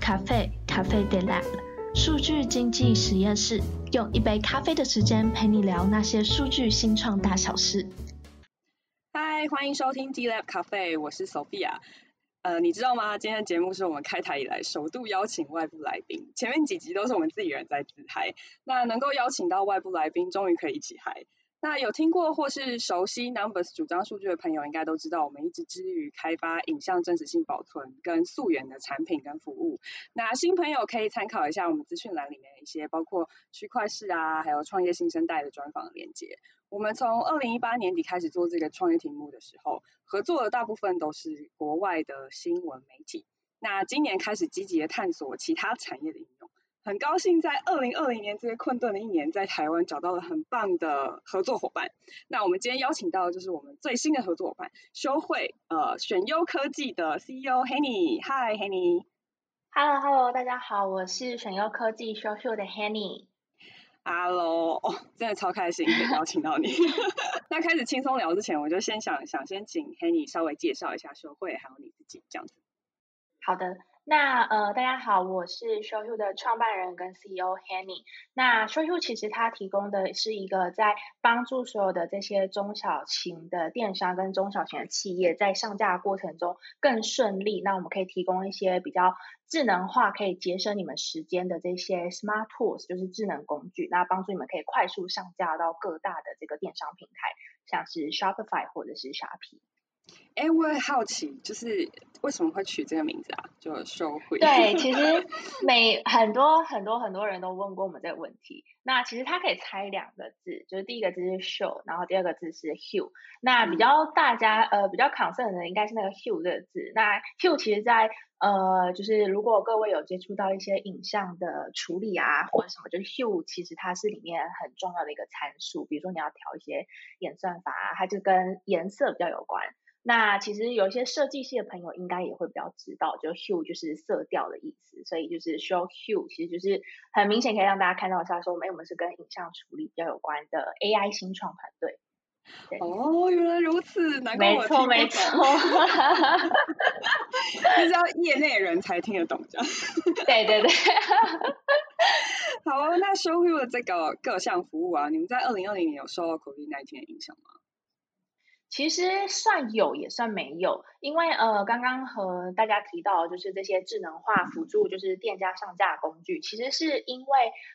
咖啡，咖啡 de lab，數據經濟實驗室，用一杯咖啡的時間陪你聊那些數據新創大小事。嗨，歡迎收聽 de lab 咖啡，我是 Sophia。呃，你知道嗎？今天的節目是我們開台以來首度邀請外部來賓，前面幾集都是我們自己人在自嗨，那能夠邀請到外部來賓，終於可以一起嗨。那有聽過或是熟悉 Numbers 主張數據的朋友，應該都知道，我們一直致力於開發影像真實性保存跟溯源的產品跟服務。那新朋友可以參考一下我們資訊欄裡面的一些包括區塊鏈啊，還有創業新生代的專訪的鏈接。我們從二零一八年底開始做這個創業題目的時候，合作的大部分都是國外的新聞媒體。那今年開始積極地探索其他產業的應用。很高興在二零二零年這個困頓的一年，在台灣找到了很棒的合作夥伴。那我們今天邀請到的就是我們最新的合作夥伴，ShowHue 呃選優科技的 CEO Hanny，嗨 Hanny，Hello Hello，大家好，我是選優科技 ShowHue 的 Hanny，Hello，、oh, 真的超開心可以邀請到你。 那開始輕鬆聊之前，我就先想想先請 Hanny 稍微介紹一下 ShowHue 還有你自己，這樣子。好的。那呃，大家好，我是 ShowHue 的創辦人跟 CEO Henny。那 ShowHue 其實它提供的是一個在幫助所有的這些中小型的電商跟中小型的企業在上架過程中更順利。那我們可以提供一些比較智能化，可以節省你們時間的這些 smart tools，就是智能工具，那幫助你們可以快速上架到各大的這個電商平台，像是 Shopify 或者是蝦皮。哎，我很好奇，就是為什麼會取這個名字啊？就 ShowHue。 對，其實每很多很多很多人都問過我們這個問題。那其實它可以猜兩個字，就是第一個字是 show，然後第二個字是 hue。那比較大家、嗯、呃比較 concern 的應該是那個 hue 的字。那 hue 其實在呃就是如果各位有接觸到一些影像的處理啊，或者什麼，就是 hue 其實它是裡面很重要的一個參數。比如說你要調一些演算法啊，它就跟顏色比較有關。那其實有一些設計系的朋友應該也會比較知道，就 Hue 就是色調的意思，所以就是 ShowHue 其實就是很明顯可以讓大家看到一下說，誒我們是跟影像處理比較有關的 AI 新創團隊。哦，原來如此，沒錯，難怪我聽不懂。沒錯沒錯，就是要業內人才聽得懂這樣。對對對。好啊，那 ShowHue 這個各項服務啊，你們在二零二零年有受到 COVID-19 的影響嗎？其實算有也算沒有，因為呃，剛剛和大家提到，就是這些智能化輔助，就是店家上架工具，其實是因為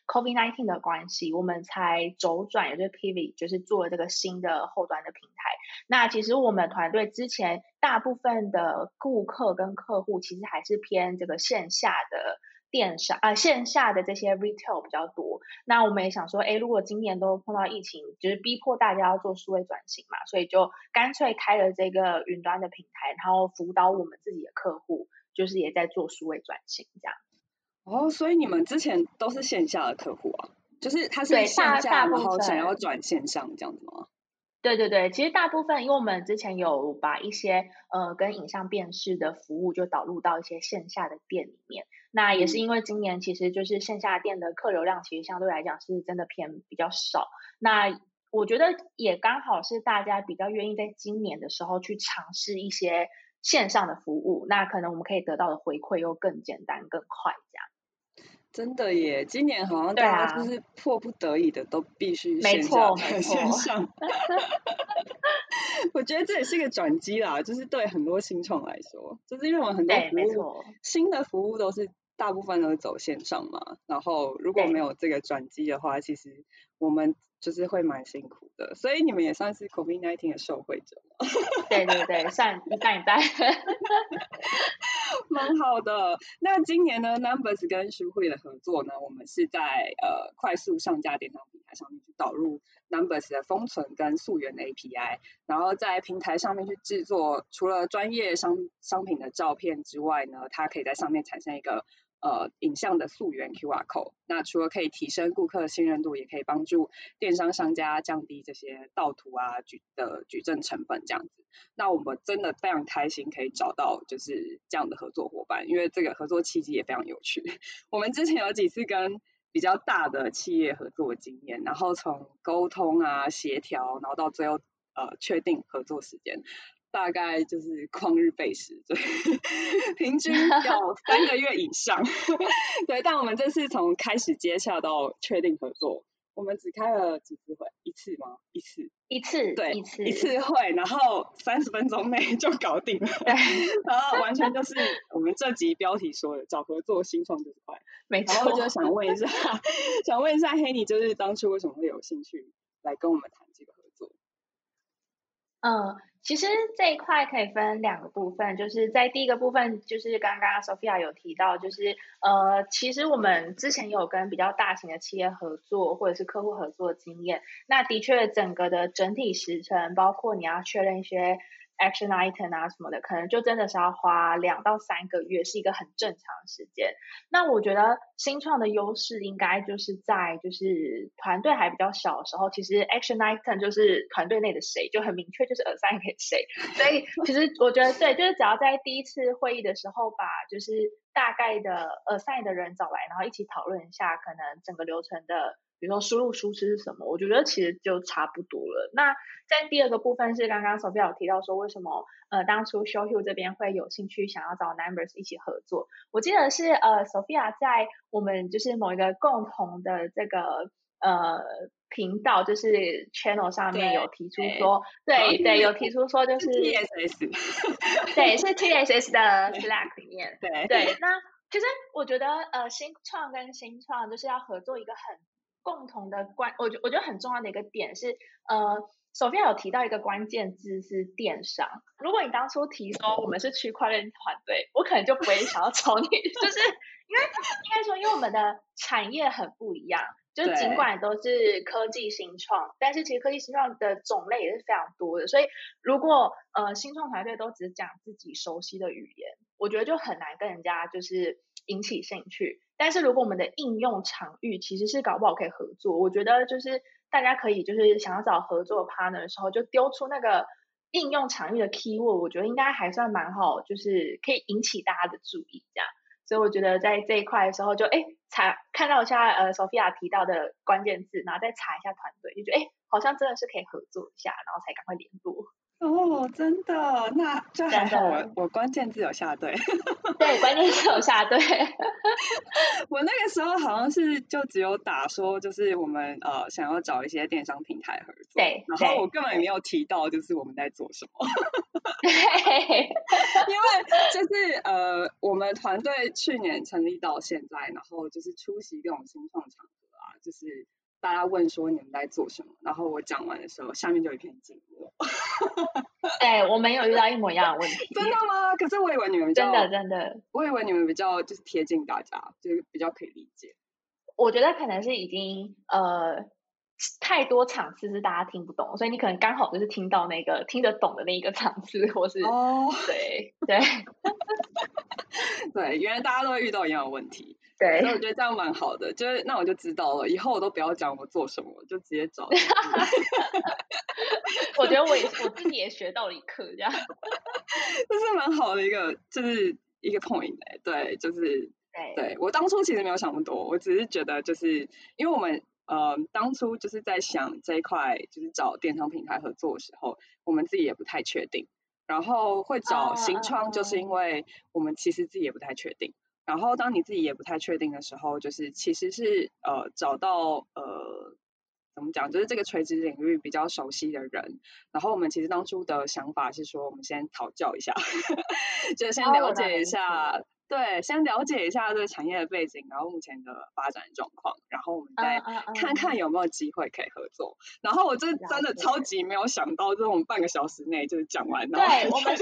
COVID nineteen 的關係，我們才軸轉，也就是 pivot，就是做了這個新的後端的平台。那其實我們團隊之前大部分的顧客跟客戶，其實還是偏這個線下的。電商啊、呃，線下的這些 retail 比較多，那我們也想說，哎，如果今年都碰到疫情，就是逼迫大家要做數位轉型嘛，所以就乾脆開了這個雲端的平台，然後輔導我們自己的客戶，就是也在做數位轉型這樣。哦，所以你們之前都是線下的客戶啊，就是他是線下不好，想要轉線上這樣子嗎？對對對，其實大部分因為我們之前有把一些呃跟影像辨識的服務就導入到一些線下的店裡面，那也是因為今年其實就是線下店的客流量其實相對來講是真的偏比較少，那我覺得也剛好是大家比較願意在今年的時候去嘗試一些線上的服務，那可能我們可以得到的回饋又更簡單、更快這樣。真的耶，今年好像大家就是迫不得已的、啊、都必須線下，線上。我覺得這也是個轉機啦，就是對很多新創來說，就是因為我們很多服務，新的服務都是大部分都走線上嘛。然後如果沒有這個轉機的話，其實我們就是會蠻辛苦的。所以你們也算是 COVID-19 的受惠者。 對對對，算，你待。 蠻 好的，那今年呢，Numbers 跟 ShowHue 的合作呢，我們是在呃快速上架電商平台上面去導入 Numbers 的封存跟溯源的 API，然後在平台上面去製作除了專業商商品的照片之外呢，它可以在上面產生一個。呃，影像的溯源 QR Code，那除了可以提升顧客的信任度，也可以幫助電商商家降低這些盜圖啊舉的舉證成本這樣子。那我們真的非常開心可以找到就是這樣的合作夥伴，因為這個合作契機也非常有趣。我們之前有幾次跟比較大的企業合作經驗，然後從溝通啊、協調，然後到最後呃確定合作時間。大概就是曠日費時，對，平均要三個月以上， 對。但我們這次從開始接洽到確定合作，我們只開了幾次會，一次嗎？一次，一次，對，一次,一次會，然後三十分鐘內就搞定了， 然後完全就是我們這集標題說的，找合作新創就是快沒錯，然後我就想問一下， 想問一下黑、 hey, 你，就是當初為什麼會有興趣來跟我們談這個合作？嗯、uh.。其實這一塊可以分兩個部分，就是在第一個部分，就是剛剛 Sophia 有提到，就是呃，其實我們之前有跟比較大型的企業合作或者是客戶合作的經驗，那的確整個的整體時程，包括你要確認一些。Action item 啊什麼的，可能就真的是要花兩到三個月，是一個很正常的時間。那我覺得新創的優勢應該就是在就是團隊還比較小的時候，其實 Action item 就是團隊內的誰就很明確就是 assign 給誰。所以其實我覺得對，就是只要在第一次會議的時候把就是大概的 assign 的人找來，然後一起討論一下可能整個流程的。比如說輸入輸出是什麼？我覺得其實就差不多了。那在第二個部分是剛剛 Sophia 有提到說，為什麼呃當初 ShowHue 這邊會有興趣想要找 Numbers 一起合作？我記得是呃 Sophia 在我們就是某一個共同的這個呃頻道，就是 Channel 上面有提出說，對對、對、哦對，有提出說就是，是 TSS， 對，是 TSS 的 Slack 裡面，對對、對。那其實我覺得呃新創跟新創就是要合作一個很。共同的關，我覺我覺得很重要的一個點是，呃，首先有提到一個關鍵字是電商。如果你當初提說我們是區塊鏈團隊，我可能就不會想要找你， 就是因為應該說，因為我們的產業很不一樣，就儘管都是科技新創，但是其實科技新創的種類也是非常多的。所以如果呃新創團隊都只講自己熟悉的語言，我覺得就很難跟人家就是引起興趣。但是如果我們的應用場域其實是搞不好可以合作，我覺得就是大家可以就是想要找合作的 partner 的時候，就丟出那個應用場域的 key word，我覺得應該還算蠻好，就是可以引起大家的注意這樣。所以我覺得在這一塊的時候就，就誒查看到一下呃 Sophia 提到的關鍵字，然後再查一下團隊，就覺得誒好像真的是可以合作一下，然後才趕快聯絡。哦，真的，那就還好。我我關鍵字有下對。 對，關鍵字有下對。我那個時候好像是就只有打說，就是我們呃想要找一些電商平台合作。對。然後我根本也沒有提到就是我們在做什麼。 因為就是呃，我們團隊去年成立到現在，然後就是出席這種新創場合啊，就是。大家問說你們在做什麼？然後我講完的時候，下面就有一片靜默。對、 欸，我沒有遇到一模一樣的問題。 真的嗎？可是我以為你們比較真的，你們比較親近，真的，我以為你們比較就是貼近大家，就是、比較可以理解。我覺得可能是已經呃。太多場次是大家聽不懂，所以你可能剛好就是聽到那個聽得懂的那一個場次，或是、oh. 對對 對，原來大家都會遇到一樣的問題，對，所以我覺得這樣蠻好的，就是那我就知道了，以後我都不要講我做什麼，就直接找。 我覺得我也我自己也學到了一課，這樣，這 是蠻好的一個就是一個 point、欸、對，就是對，對我當初其實沒有想那麼多，我只是覺得就是因為我們。呃，當初就是在想這一塊，就是找電商平台合作的時候，我們自己也不太確定，然後會找新創，就是因為我們其實自己也不太確定。然後當你自己也不太確定的時候，就是其實是呃找到呃怎麼講，就是這個垂直領域比較熟悉的人。然後我們其實當初的想法是說，我們先討教一下，呵呵就先了解一下。對，先了解一下這個產業的背景，然後目前的發展狀況，然後我們再看看有沒有機會可以合作。Uh, uh, uh, uh, uh. 然後我這真的超級沒有想到，這種半個小時內就講完了。對我們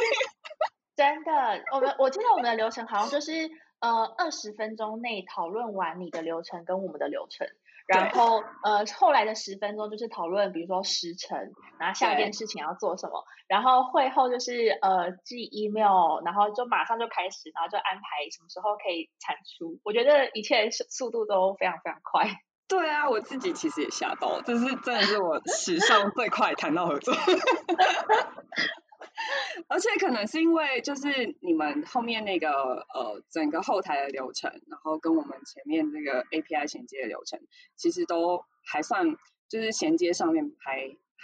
真的，我們我記得我們的流程好像就是 呃，二十分鐘內討論完你的流程跟我們的流程。然後，呃，後來的十分鐘就是討論，比如說時程，然後下一件事情要做什麼，然後會後就是呃，寄 email，然後就馬上就開始，然後就安排什麼時候可以產出。我覺得一切速度都非常非常快。對啊，我自己其實也嚇到了，這是真的是我史上最快談到合作。 而且可能是因為，就是你們後面那個呃，整個後台的流程，然後跟我們前面那個 API 銜接的流程，其實都還算就是銜接上面還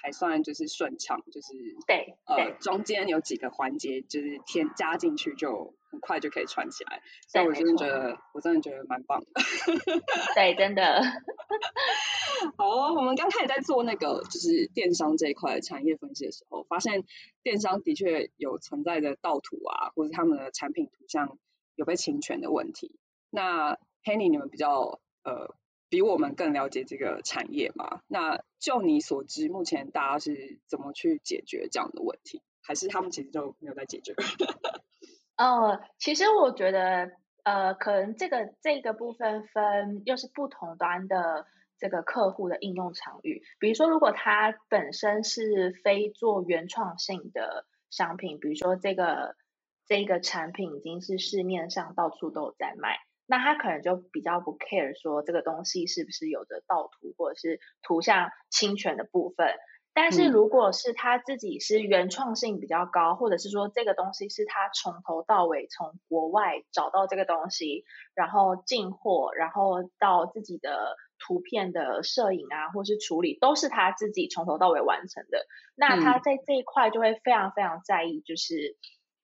還算就是順暢，就是對，呃，對中間有幾個環節就是添加進去，就很快就可以串起來，所以我真的覺得我真的覺得蠻棒的。 對，真的。好，我們剛開始在做那個就是電商這一塊產業分析的時候，發現電商的確有存在的盜圖啊，或者他們的產品圖像有被侵權的問題。那 Henny 你們比較呃。比我們更了解這個產業嘛？那就你所知，目前大家是怎麼去解決這樣的問題，還是他們其實就沒有在解決？嗯 ，呃，其實我覺得，呃，可能這個這個部分分又是不同端的這個客戶的應用場域。比如說，如果他本身是非做原創性的商品，比如說這個這個產品已經是市面上到處都有在賣。那他可能就比較不 care 說這個東西是不是有着盜圖或者是圖像侵權的部分，但是如果是他自己是原創性比較高，或者是說這個東西是他從頭到尾從國外找到這個東西，然後進貨，然後到自己的圖片的攝影啊或是處理，都是他自己從頭到尾完成的，那他在這一塊就會非常非常在意，就是。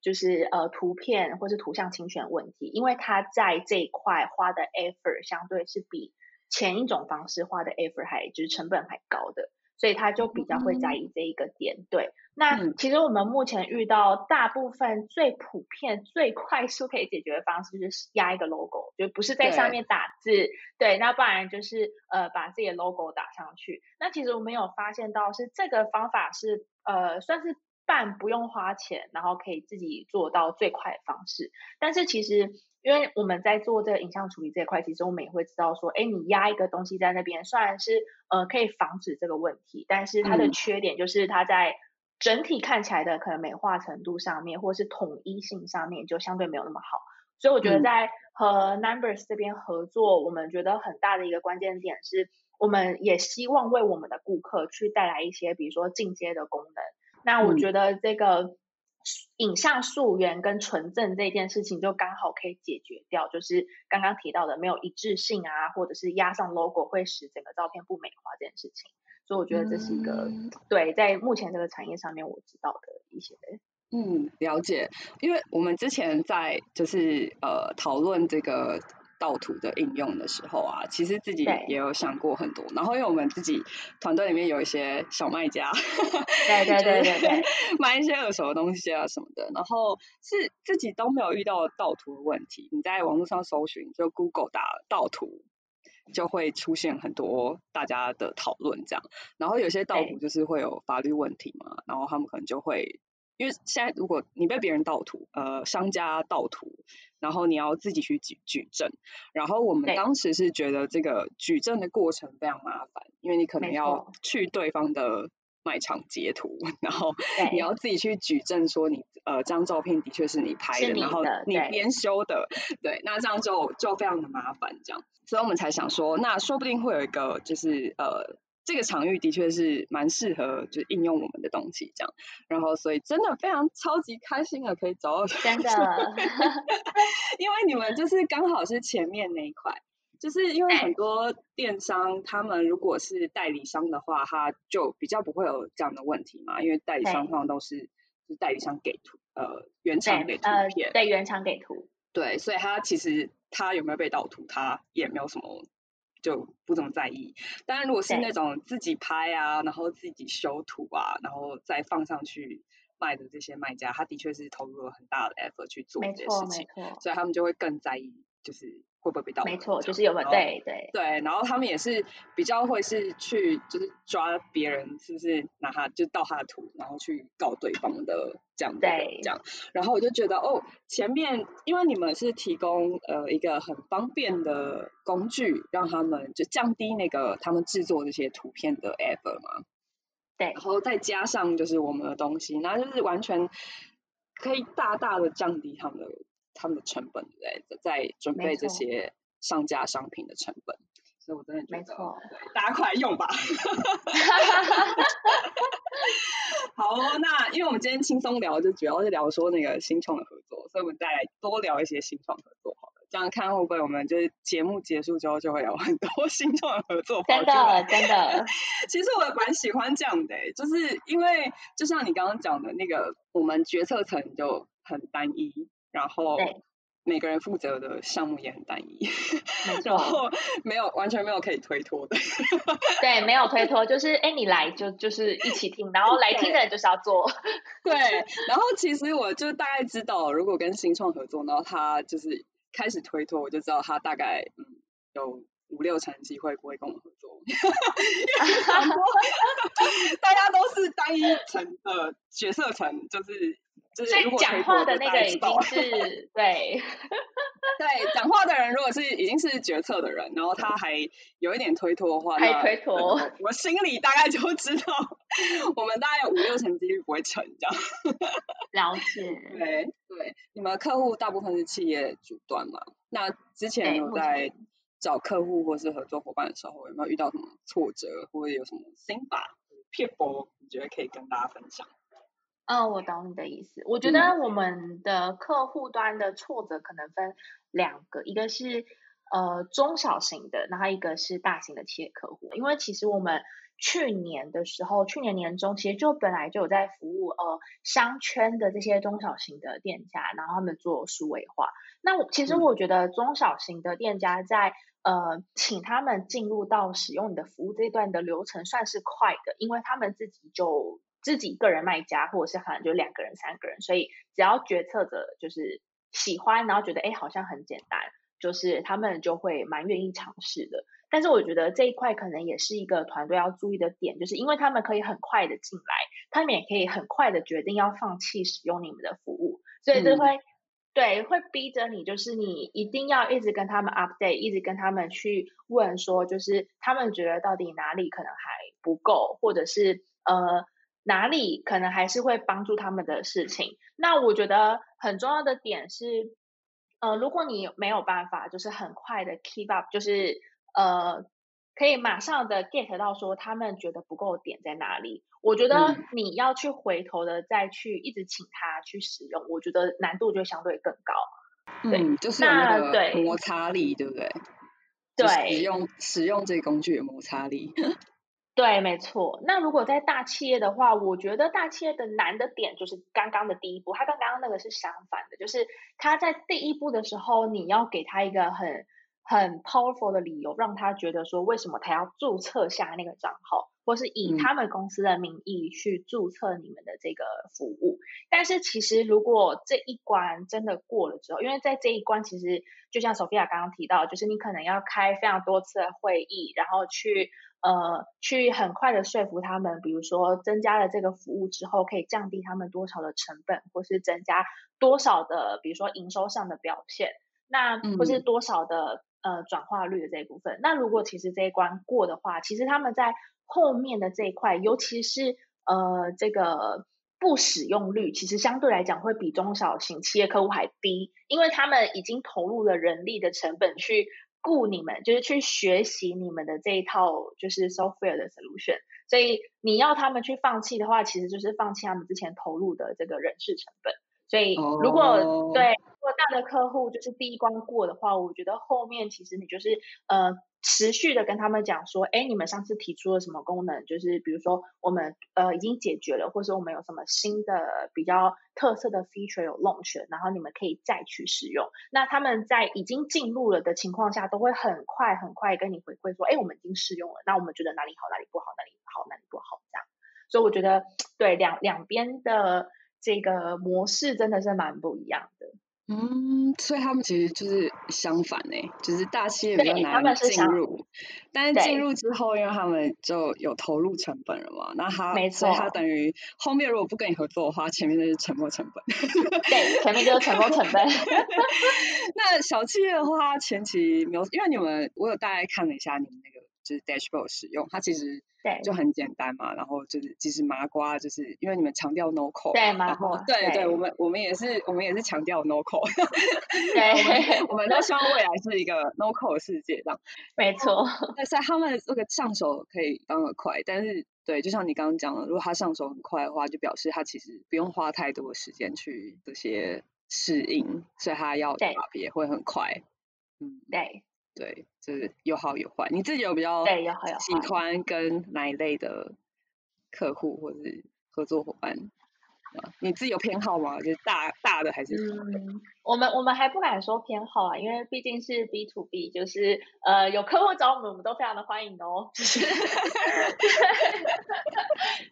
就是呃，圖片或是圖像侵權問題，因為它在這一塊花的 effort 相對是比前一種方式花的 effort 還就是成本還高的，所以它就比較會在意這一個點，嗯。對，那其實我們目前遇到大部分最普遍最快速可以解決的方式就是壓一個 logo，就不是在上面打字。對，對，那不然就是呃，把自己的 logo 打上去。那其實我們有發現到是這個方法是呃，算是。半不用花錢，然後可以自己做到最快的方式。但是其實，因為我們在做這個影像處理這一塊，其實我們也會知道說，哎，你壓一個東西在那邊，雖然是呃可以防止這個問題，但是它的缺點就是它在整體看起來的可能美化程度上面，或者是統一性上面就相對沒有那麼好。所以我覺得在和 Numbers 這邊合作，嗯、我們覺得很大的一個關鍵點是，我們也希望為我們的顧客去帶來一些，比如說進階的功能。那我覺得這個影像溯源跟純正這件事情，就剛好可以解決掉，就是剛剛提到的沒有一致性啊，或者是壓上 logo 會使整個照片不美化這件事情。所以我覺得這是一個，嗯，對，在目前這個產業上面我知道的一些，嗯，了解，因為我們之前在就是呃討論這個。盜圖的應用的時候啊，其實自己也有想過很多。然後因為我們自己團隊裡面有一些小賣家，對對對對，對， 買一些二手的東西啊什麼的，然後是自己都沒有遇到盜圖的問題。你在網絡上搜尋，就 Google 打盜圖，就會出現很多大家的討論這樣。然後有些盜圖就是會有法律問題嘛，然後他們可能就會。因為現在如果你被別人盜圖，呃，商家盜圖，然後你要自己去舉舉證，然後我們當時是覺得這個舉證的過程非常麻煩，因為你可能要去對方的賣場截圖，然後你要自己去舉證說你呃這張照片的確是你拍的，的然後你編修的，對，對，那這樣就就非常的麻煩，這樣，所以我們才想說，那說不定會有一個就是呃。這個場域的確是蠻適合，就是應用我們的東西這樣。然後，所以真的非常超級開心的可以找到，真的 因為你們就是剛好是前面那一塊，就是因為很多電商他們如果是代理商的話，他就比較不會有這樣的問題嘛。因為代理商通常都是，是，代理商給圖，呃，原廠給圖片，對，原廠給圖，對，所以他其實他有沒有被盜圖，他也沒有什麼。就不怎麼在意。當然如果是那種自己拍啊，然後自己修圖啊，然後再放上去賣的這些賣家，他的確是投入了很大的 effort 去做這件事情，所以他們就會更在意，就是。會不會被盜？沒錯，就是有很對對對，然後他們也是比較會是去就是抓別人是不是拿他就盜他的圖，然後去告對方的這樣子這樣。然後我就覺得哦，前面因為你們是提供呃一個很方便的工具，讓他們就降低那個他們製作這些圖片的 effort 嘛。對，然後再加上就是我們的東西，那就是完全可以大大的降低他們的。他們的成本之類的，在準備這些上架商品的成本，所以我真的覺得，沒錯，大家快來用吧。 好，那因為我們今天輕鬆聊，就主要是聊說那個新創的合作，所以我們再來多聊一些新創合作，這樣看會不會我們就是節目結束之後就會有很多新創合作？真的，真的。 其實我蠻喜歡這樣的、欸，就是因為就像你剛剛講的那個，我們決策層就很單一。嗯然後每個人負責的項目也很單一，然後沒有沒完全沒有可以推脫的。對， 沒有推脫，就是哎，你來就就是一起聽，然後來聽的人就是要做。對， 對，然後其實我就大概知道，如果跟新創合作，然後他就是開始推脫，我就知道他大概嗯有五六成機會不會跟我們合作。 大家都是單一層的角 色層，就是。就是，所以講話的那個已經是、那個、已經是對， 對，講話的人如果是已經是決策的人，然後他還有一點推脫的話，還推脫，我心裡大概就知道， 我們大概有五六成幾率不會成，這樣。 了解。對對，你們客戶大部分是企業主端嘛？那之前有在找客戶或是合作夥伴的時候，有沒有遇到什麼挫折，或者有什麼心法、撇步，你覺得可以跟大家分享？嗯、哦，我懂你的意思。我覺得我們的客戶端的挫折可能分兩個，嗯、一個是呃中小型的，然後一個是大型的企業客戶。因為其實我們去年的時候，去年年中其實就本來就有在服務呃商圈的這些中小型的店家，然後他們做數位化。那我其實我覺得中小型的店家在、嗯、呃請他們進入到使用你的服務這段的流程算是快的，因為他們自己就。自己個人賣家，或者是可能就兩個人、三個人，所以只要決策者就是喜歡，然後覺得哎，好像很簡單，就是他們就會蠻願意嘗試的。但是我覺得這一塊可能也是一個團隊要注意的點，就是因為他們可以很快的進來，他們也可以很快的決定要放棄使用你們的服務，所以就會、嗯、對，會逼着你，就是你一定要一直跟他們 update，一直跟他們去問說，就是他們覺得到底哪裡可能還不夠，或者是呃。哪裡可能還是會幫助他們的事情？那我覺得很重要的點是，呃，如果你沒有辦法，就是很快的 keep up，就是呃，可以馬上的 get 到說他們覺得不夠點在哪裡？我覺得你要去回頭的再去一直請他去使用，嗯、我覺得難度就相對更高。對，嗯，就是那個摩擦力，對不對？對，就是，使用使用這個工具有摩擦力。 對，沒錯。那如果在大企業的話，我覺得大企業的難的點就是剛剛的第一步，他跟剛剛那個是相反的，就是他在第一步的時候，你要給他一個很很 powerful 的理由，讓他覺得說為什麼他要註冊下那個賬號，或是以他們公司的名義去註冊你們的這個服務。嗯。但是其實如果這一關真的過了之後，因為在這一關，其實就像 Sofía 剛剛提到，就是你可能要開非常多次的會議，然後去。呃，去很快的說服他們，比如說增加了這個服務之後，可以降低他們多少的成本，或是增加多少的，比如說營收上的表現，那、嗯、或是多少的呃轉化率的這一部分。那如果其實這一關過的話，其實他們在後面的這一塊，尤其是呃這個不使用率，其實相對來講會比中小型企業客戶還低，因為他們已經投入了人力的成本去。僱你們就是去學習你們的這一套，就是 Sofia 的 solution。所以你要他們去放棄的話，其實就是放棄他們之前投入的這個人事成本。所以，如果、oh. 對，如果大的客戶就是第一關過的話，我覺得後面其實你就是呃持續的跟他們講說，哎，你們上次提出了什麼功能，就是比如說我們呃已經解決了，或者我們有什麼新的比較特色的 feature 有 launch，然後你們可以再去試用。那他們在已經進入了的情況下，都會很快很快跟你回饋說，哎，我們已經試用了，那我們覺得哪裡好，哪裡不好，哪裡好，哪裡不好這樣。所以我覺得對兩兩邊的。這個模式真的是蠻不一樣的，嗯，所以他們其實就是相反呢、欸，就是大企業比較難進入，是但是進入之後，因為他們就有投入成本了嘛，那他沒錯，所以他等於後面如果不跟你合作的話，前面那是沉沒成本， 對，前面就是沉沒成本。 那小企業的話，前期沒有，因為你們我有大概看了一下你們那個。是 dashboard 使用，它其實就很簡單嘛，然後就是即使麻瓜就是因為你們強調 no code，對，然後對對，對，我們我們也是我們也是強調 no code， 對， 我們都希望未來是一個 no code 的世界這樣，沒錯。所以他們這個上手可以比較快，但是對，就像你剛剛講的，如果他上手很快的話，就表示他其實不用花太多時間去這些適應，所以他要打也會很快，嗯，對。對，就是有好有壞。你自己有比較喜歡跟哪一類的客戶或者是合作夥伴，對，有好有壞？你自己有偏好嗎？就是大大的還是？嗯，我們我們還不敢說偏好啊，因為畢竟是 B to B，就是呃，有客戶找我們，我們都非常的歡迎哦。只是，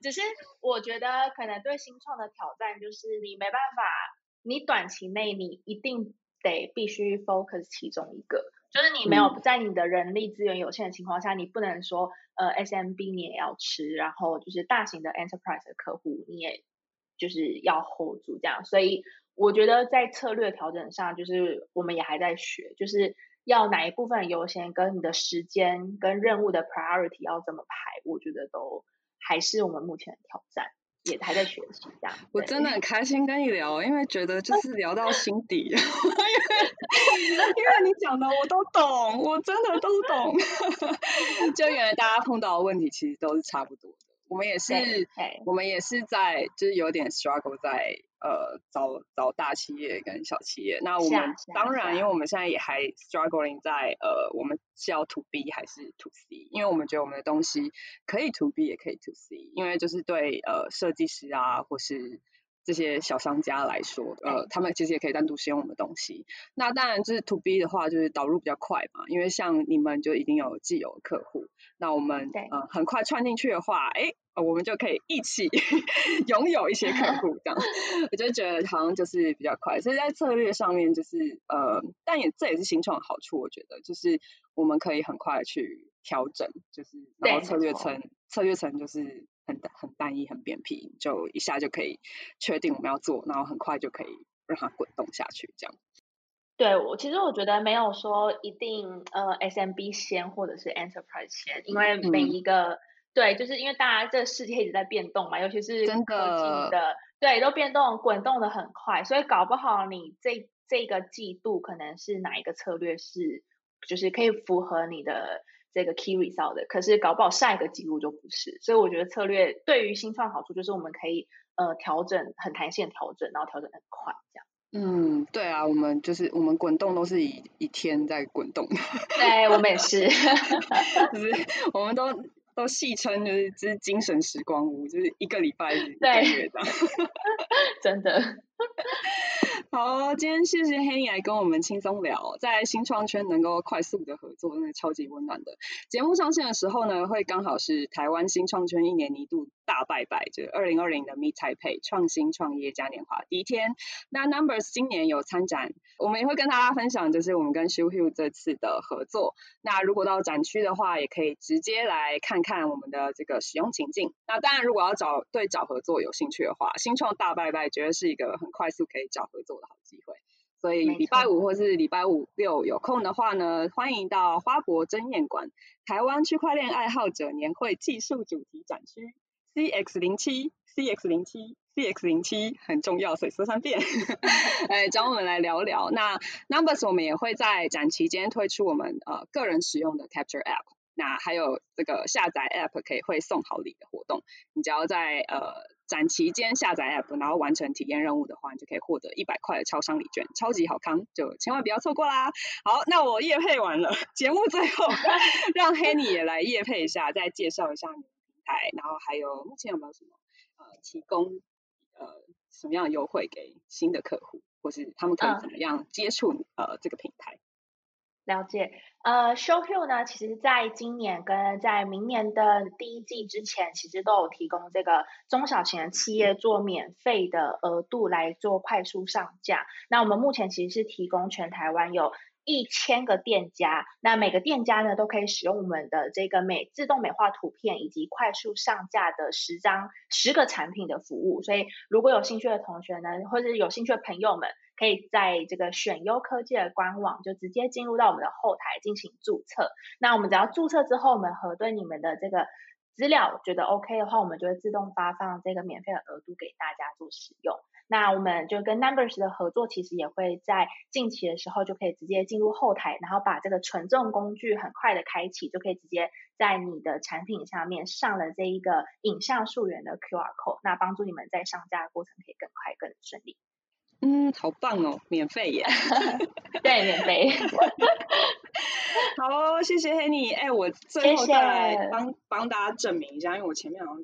只是我覺得可能對新創的挑戰就是，你沒辦法，你短期內你一定得必須 focus 其中一個。就是你沒有在你的人力資源有限的情況下，嗯、你不能說呃 SMB 你也要吃，然後就是大型的 enterprise 的客戶，你也就是要 hold 住這樣。所以我覺得在策略調整上，就是我們也還在學，就是要哪一部分優先，跟你的時間跟任務的 priority 要怎麼排，我覺得都還是我們目前的挑戰。也還在學習，這樣。我真的很開心跟你聊，因為覺得就是聊到心底， 因為 因為你講的我都懂，我真的都懂。 就原來大家碰到的問題其實都是差不多的，我們也是，我們也是在就是有點 struggle 在。呃，找找大企業跟小企業。那我們、啊啊啊、當然，因為我們現在也還 struggling 在呃，我們是要 to B 還是 to C？因為我們覺得我們的東西可以 to B 也可以 to C，因為就是對呃設計師啊，或是這些小商家來說，呃，他們其實也可以單獨使用我們的東西。那當然，就是 to B 的話，就是導入比較快嘛，因為像你們就一定有既有客戶，那我們對，呃，很快串進去的話，哎。 我們就可以一起擁 有一些客戶，這樣 我就覺得好像就是比較快。所以在策略上面，就是呃，但也這也是新創的好處，我覺得就是我們可以很快去調整，就是然後策略層策略層就是很很單，很單一很扁平，就一下就可以確定我們要做，然後很快就可以讓它滾動下去，這樣。對，我其實我覺得沒有說一定呃 SMB 先或者是 Enterprise 先，因為每一個、嗯。嗯對，就是因為大家這個世界一直在變動嘛，尤其是科技的真的，對，都變動滾動的很快，所以搞不好你這這個季度可能是哪一個策略是，就是可以符合你的這個 key result 的，可是搞不好上一個季度就不是，所以我覺得策略對於新創好處就是我們可以呃調整很彈性調整，然後調整很快這樣。嗯，對啊，我們就是我們滾動都是以一天在滾動，對，我們也是，只 是，我們都。都戲稱就是，這精神時光屋，就是一個禮拜就是、一個月這樣 真的。好，今天謝謝黑妮來跟我們輕鬆聊，在新創圈能夠快速的合作，真的超級溫暖的。節目上線的時候呢，會剛好是台灣新創圈一年一度大拜拜！就是二零二零的 Meet Taipei 創新創業嘉年華第一天。那 Numbers 今年有參展，我們也會跟大家分享，就是我們跟 ShowHue 這次的合作。那如果到展區的話，也可以直接來看看我們的這個使用情境。那當然，如果要找對找合作有興趣的話，新創大拜拜絕對是一個很快速可以找合作的好機會。所以禮拜五或是禮拜五六有空的話呢，歡迎到花博爭艷館台灣區塊鏈愛好者年會技術主題展區。CX 零七，CX 零七，CX 零七很重要，所以說三遍。 哎，讓我們來聊聊。那 Numbers 我們也會在展期間推出我們呃個人使用的 Capture App，那還有這個下載 App 可以會送好禮的活動。你只要在呃展期間下載 App，然後完成體驗任務的話，你就可以獲得一百塊的超商禮券，超級好康，就千萬不要錯過啦。好，那我業配完了，節目最後 讓 Hanny 也來業配一下， 再介紹一下你。台，然後還有目前有沒有什麼呃提供呃什麼樣的優惠給新的客戶，或是他們可以怎麼樣接觸、嗯、呃這個平台？了解，呃，ShowHue 呢，其實在今年跟在明年的第一季之前，其實都有提供這個中小型企業做免費的額度來做快速上架。那我們目前其實是提供全台灣有。一千個店家，那每個店家呢，都可以使用我們的這個美自動美化圖片以及快速上架的十張十個產品的服務。所以，如果有興趣的同學呢，或者是有興趣的朋友們，可以在這個選優科技的官網，就直接進入到我們的後台進行註冊。那我們只要註冊之後，我們核對你們的這個資料，覺得 OK 的話，我們就會自動發放這個免費的額度給大家做使用。那我們就跟 Numbers 的合作，其實也會在近期的時候就可以直接進入後台，然後把這個純正工具很快的開啟，就可以直接在你的產品上面上了這一個影像溯源的 QR code，那幫助你們在上架的過程可以更快更順利。嗯，好棒哦，免費耶！ 對，免費。 好哦，謝謝 Henny，哎，我最後再來幫謝謝幫大家證明一下，因為我前面好像，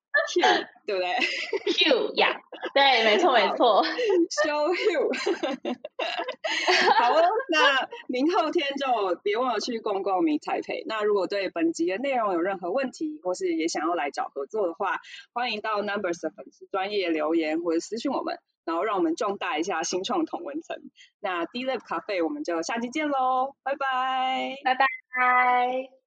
Q 對不對？Q 呀、yeah.，對，沒錯沒錯。 ShowHue，you. 好，那明後天就別忘了去逛逛 Meet Taipei。那如果對本集的內容有任何問題，或是也想要來找合作的話，歡迎到 Numbers 的粉絲專頁留言或者私訊我們，然後讓我們壯大一下新創同溫層。那 de lab Cafe，我們就下期見嘍，拜拜，拜拜。